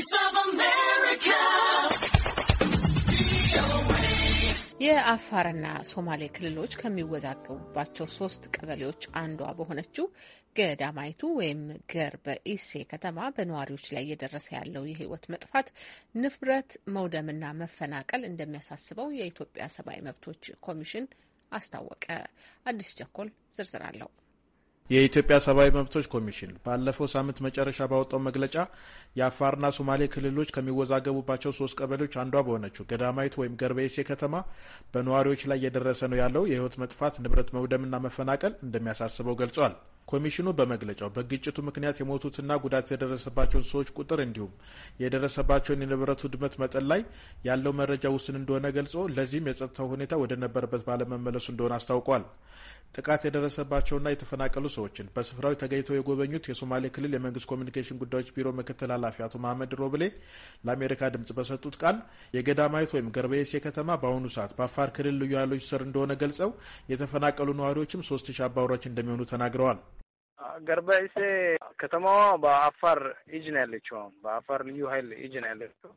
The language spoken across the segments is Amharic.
Voice of America. የአፋርና ሶማሌ ክልሎች ከሚወዛገቡባቸው ሶስት ቀበሌዎች አንዷ በሆነችው ገዳማይቱ ወይም ገር በኢሴ ከተማ በነዋሪዎች ላይ እየደረሰ ያለው የሕይወት መጥፋት፣ ንብረት መውደምና መፈናቀል እንደሚያሳስበው የኢትዮጵያ ሰብአዊ መብቶች ኮሚሽን አስታወቀ። አዲስ ቸኮል ዝርዝር አለው። የኢትዮጵያ ሰብአዊ መብቶች ኮሚሽን ባለፈው ሳምንት መጨረሻ ባወጣው መግለጫ የአፋርና ሶማሌ ክልሎች ከሚወዛገቡባቸው ሶስት ቀበሌዎች አንዷ በሆነችው ገዳማዊት ወይም ገርበሴ ከተማ በነዋሪዎች ላይ እየደረሰ ነው ያለው የህይወት መጥፋት፣ ንብረት መውደምና መፈናቀል እንደሚያሳስበው ገልጿል። ኮሚሽኑ በመግለጫው በግጭቱ ምክንያት የሞቱትና ጉዳት የደረሰባቸውን ሰዎች ቁጥር እንዲሁም የደረሰባቸውን የንብረት ውድመት መጠን ላይ ያለው መረጃ ውስን እንደሆነ ገልጾ ለዚህም የጸጥታው ሁኔታ ወደ ነበረበት ባለመመለሱ እንደሆነ አስታውቋል። ጥቃት የደረሰባቸውና የተፈናቀሉ ሰዎችን በስፍራው ተገኝተው የጎበኙት የሶማሌ ክልል የመንግስት ኮሚኒኬሽን ጉዳዮች ቢሮ ምክትል ኃላፊ አቶ መሀመድ ሮብሌ ለአሜሪካ ድምጽ በሰጡት ቃል የገዳማዊት ወይም ገርበየሴ ከተማ በአሁኑ ሰዓት በአፋር ክልል ልዩ ኃይሎች ስር እንደሆነ ገልጸው የተፈናቀሉ ነዋሪዎችም ሶስት ሺ አባውራች እንደሚሆኑ ተናግረዋል። ገርባይ ከተማዋ በአፋር እጅ ነው ያለችው። በአፋር ልዩ ኃይል እጅ ነው ያለችው።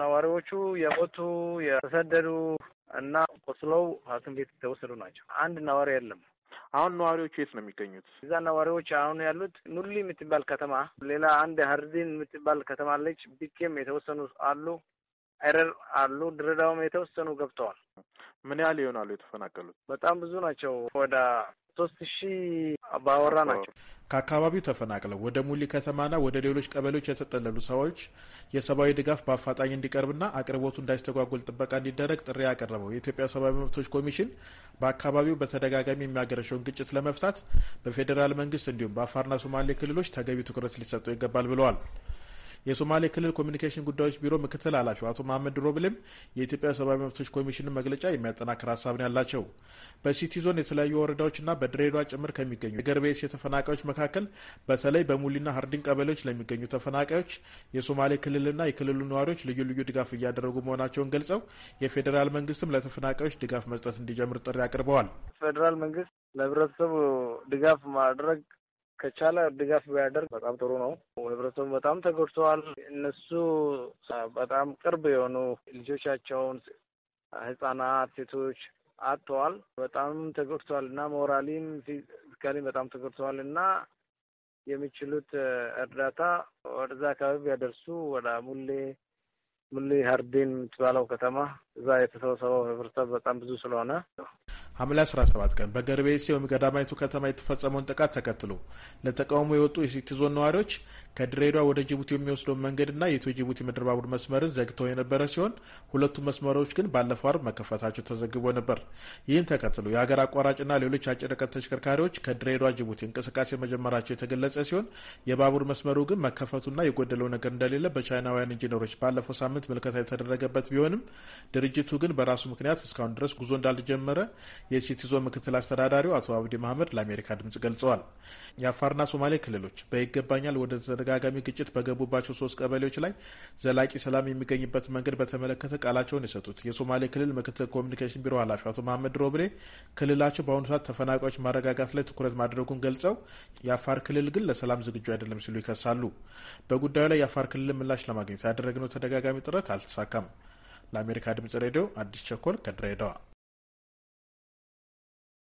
ነዋሪዎቹ የሞቱ የተሰደዱ እና ቆስለው ሐኪም ቤት የተወሰዱ ናቸው። አንድ ነዋሪ የለም። አሁን ነዋሪዎቹ የት ነው የሚገኙት? እዛ ነዋሪዎች አሁን ያሉት ኑሊ የምትባል ከተማ፣ ሌላ አንድ ሀርዲን የምትባል ከተማ አለች። ቢኬም የተወሰኑ አሉ። ኤረር አሉ። ድሬዳዋም የተወሰኑ ገብተዋል። ምን ያህል ይሆናሉ የተፈናቀሉት? በጣም ብዙ ናቸው። ወደ ሶስት ሺህ ባወራ ናቸው። ከአካባቢው ተፈናቅለው ወደ ሙሊ ከተማና ወደ ሌሎች ቀበሌዎች የተጠለሉ ሰዎች የሰብአዊ ድጋፍ በአፋጣኝ እንዲቀርብና አቅርቦቱ እንዳይስተጓጎል ጥበቃ እንዲደረግ ጥሪ ያቀረበው የኢትዮጵያ ሰብአዊ መብቶች ኮሚሽን በአካባቢው በተደጋጋሚ የሚያገረሸውን ግጭት ለመፍታት በፌዴራል መንግስት እንዲሁም በአፋርና ሶማሌ ክልሎች ተገቢ ትኩረት ሊሰጠው ይገባል ብለዋል። የሶማሌ ክልል ኮሚኒኬሽን ጉዳዮች ቢሮ ምክትል ኃላፊው አቶ መሀመድ ሮብሌም የኢትዮጵያ ሰብአዊ መብቶች ኮሚሽንን መግለጫ የሚያጠናክር ሀሳብ ነው ያላቸው። በሲቲ ዞን የተለያዩ ወረዳዎችና በድሬዳዋ ጭምር ከሚገኙ የገርቤስ ተፈናቃዮች መካከል በተለይ በሙሊና ሀርዲን ቀበሌዎች ለሚገኙ ተፈናቃዮች የሶማሌ ክልልና የክልሉ ነዋሪዎች ልዩ ልዩ ድጋፍ እያደረጉ መሆናቸውን ገልጸው የፌዴራል መንግስትም ለተፈናቃዮች ድጋፍ መስጠት እንዲጀምር ጥሪ አቅርበዋል። ፌዴራል መንግስት ለህብረተሰቡ ድጋፍ ማድረግ ከቻለ ድጋፍ ቢያደርግ በጣም ጥሩ ነው። ህብረተሰቡ በጣም ተጎድተዋል። እነሱ በጣም ቅርብ የሆኑ ልጆቻቸውን ህጻናት፣ ሴቶች አጥተዋል። በጣም ተጎድተዋል እና ሞራሊም ፊዚካሊም በጣም ተጎድተዋል እና የሚችሉት እርዳታ ወደዛ አካባቢ ቢያደርሱ ወደ ሙሌ ሙሌ ሀርዴን የምትባለው ከተማ እዛ የተሰበሰበው ህብረተሰብ በጣም ብዙ ስለሆነ ሐምሌ 17 ቀን በገርቤሴ ወይም በገዳማይቱ ከተማ የተፈጸመውን ጥቃት ተከትሎ ለተቃውሞ የወጡ የሲቲ ዞን ነዋሪዎች ከድሬዳዋ ወደ ጅቡቲ የሚወስደውን መንገድና የኢትዮ ጅቡቲ ምድር ባቡር መስመርን ዘግተው የነበረ ሲሆን ሁለቱም መስመሮች ግን ባለፈው አርብ መከፈታቸው ተዘግቦ ነበር። ይህም ተከትሎ የሀገር አቋራጭና ሌሎች አጭር ርቀት ተሽከርካሪዎች ከድሬዳዋ ጅቡቲ እንቅስቃሴ መጀመራቸው የተገለጸ ሲሆን የባቡር መስመሩ ግን መከፈቱና የጎደለው ነገር እንደሌለ በቻይናውያን ኢንጂነሮች ባለፈው ሳምንት ምልከታ የተደረገበት ቢሆንም ድርጅቱ ግን በራሱ ምክንያት እስካሁን ድረስ ጉዞ እንዳልጀመረ የሲቲ ዞን ምክትል አስተዳዳሪው አቶ አብዲ መሀመድ ለአሜሪካ ድምጽ ገልጸዋል። የአፋርና ሶማሌ ክልሎች በይገባኛል ወደ ተደጋጋሚ ግጭት በገቡባቸው ሶስት ቀበሌዎች ላይ ዘላቂ ሰላም የሚገኝበት መንገድ በተመለከተ ቃላቸውን የሰጡት የሶማሌ ክልል ምክትል ኮሚኒኬሽን ቢሮ ኃላፊ አቶ መሀመድ ሮብሌ ክልላቸው በአሁኑ ሰዓት ተፈናቃዮች ማረጋጋት ላይ ትኩረት ማድረጉን ገልጸው የአፋር ክልል ግን ለሰላም ዝግጁ አይደለም ሲሉ ይከሳሉ። በጉዳዩ ላይ የአፋር ክልል ምላሽ ለማግኘት ያደረግነው ተደጋጋሚ ጥረት አልተሳካም። ለአሜሪካ ድምጽ ሬዲዮ አዲስ ቸኮል ከድሬዳዋ